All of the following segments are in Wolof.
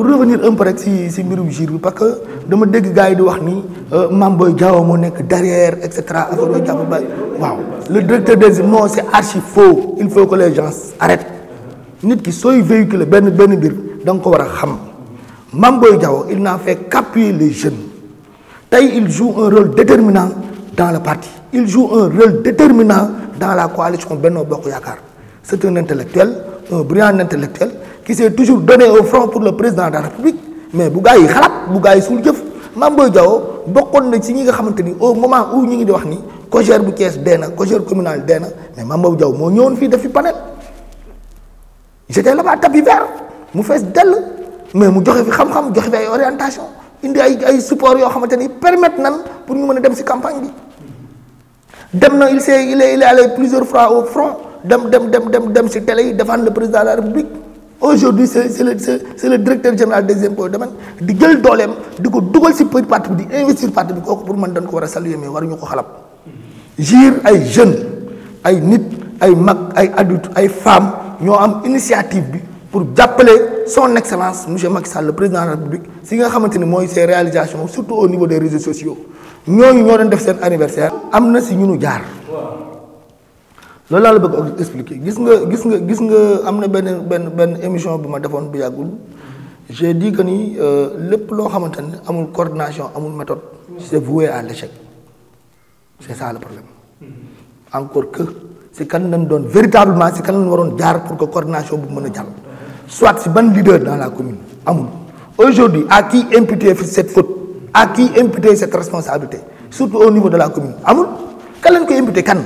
pour revenir un peu rek si si mbirum jur bi parce que dama dégg gars yi di wax ni euh, Mame mo derrière etc. ba le directeur des non c'est archi faux il faut que les gens arrêtent nit ki sooy véhiculer ben benn bir dang ko wara xam Mame il n'a fait qu'appuyer les jeunes tay il joue un rôle déterminant dans le parti il joue un rôle déterminant dans la coalition Benno Bokk yakar c'est un intellectuel un brillant intellectuel qui s'est toujours donné au front pour le président de la république mais bu gars yi xalaat bu gars yi suul jëf Mame Boye Diao bokkoon na ci ñi nga xamante au moment où nous ngi di wax ni cogère bu Thiès dee na cogère communal dee mais Mame Boye Diao moo ñëwoon fii def fi panel j'étais là-bas tapis vert mu fees dell mais mu joxe fi xam-xam joxe fi ay orientation indi ay ay support yoo xamante ni permettre nan pour ñu mën a dem ci campagne bi dem na il s'est il est allé plusieurs fois au front dem dem dem dem dem ci télé yi défendre le président de la république aujourd'hui c'est le directeur général des impôts domaine di jël dooleem di ko dugal si parti di investir parti bi kooku pour man dañ ko wara saluer mais waruñu ko jir ay jeunes ay nit ay mag ay adultes ay femmes ñoo am initiative bi pour appeler son excellence monsieur Macky Sall le président de la République si nga xamanteni moy mooy ses réalisations surtout au niveau des réseaux sociaux Nous ñoo doon def sen anniversaire nous na si jaar loolu laa la bëgg expliquer gis nga gis nga gis nga am na benn benn émission bi ma defoon bu yàggul j'ai dit que ni euh, lépp loo xamante ne amul coordination amul méthode c'est voué à l'échec c'est ça le problème mm-hmm. encore que c'est kan lañ doon véritablement si kan lañ waroon jaar pour que coordination bu mën soit si ban leader dans la commune amul aujourd'hui à qui imputer cette faute à qui imputer cette responsabilité surtout au niveau de la commune amul kan lañ ko imputer kan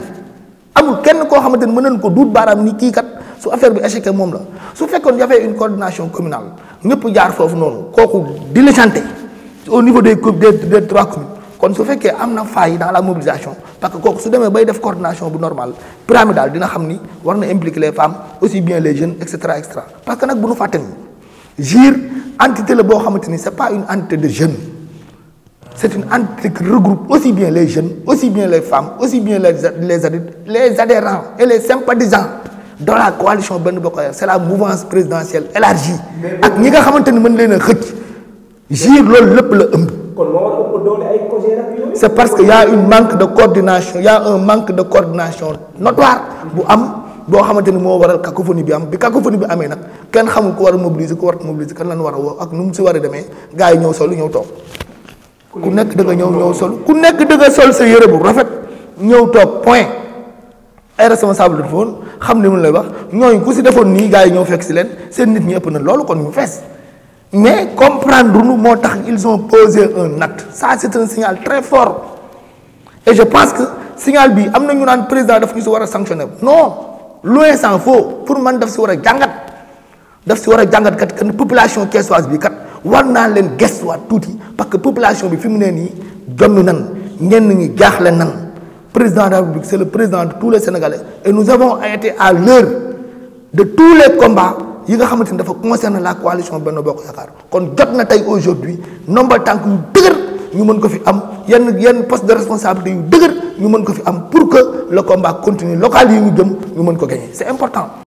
amul kenn koo xamante ni mën nañ ko duut baaraam ni kii kat su affaire bi échec moom la su fekkoon dafay une coordination communale ñëpp jaar foofu noonu kooku diligenté au niveau des des trois communes kon su fekkee am na faille dans la mobilisation parce que kooku su demee bay def coordination bu normale pyramidal dina xam ni war na impliquer les femmes aussi bien les jeunes et cetera et cetera parce que nag bu nu fàtte ni GIR entité la boo xamante ni c'est pas une entité de jeunes c'est une entité qui regroupe aussi bien les jeunes, aussi bien les femmes, aussi bien les, adhérents et les sympathisants dans la coalition c'est la mouvance présidentielle élargie. c'est parce qu'il y a une manque de coordination Il y a un manque de coordination notoire ku nek da nga ñëw ñëw sol ku nek da nga sol sa yére bu rafet ñëw tok point ay responsable de woon xam ne mu lay wax ñoy ku ci defon ni gaay yi ñëw fekk si leen seen nit ñi ëpp na lolu kon ñu fess mais comprendre nous motax ils ont posé un acte ça c'est un signal très fort et je pense que signal bi amna ñu naan président daf ñu ci wara sanctionner non loin s'en faut pour man daf ci wara jangat daf ci wara jangat kat kan population keesuwaas bi kat war naa leen gestuwaat tuuti parce que population bi fimné ni ne nan ñen ñi jaaxle nan président de la République c'est le président de tous les Sénégalais et nous avons été à l'heure de tous les combats yi nga xamante dafa concerner la coalition Benno Bokk Yaakaar kon jot na tay aujourd'hui nombre tànk yu dëgër ñu mën ko fi am yenn yenn poste de responsabilité yu dëgër ñu mën ko fi am pour que le combat continue local yi ñu jëm ñu mën ko gagner c'est important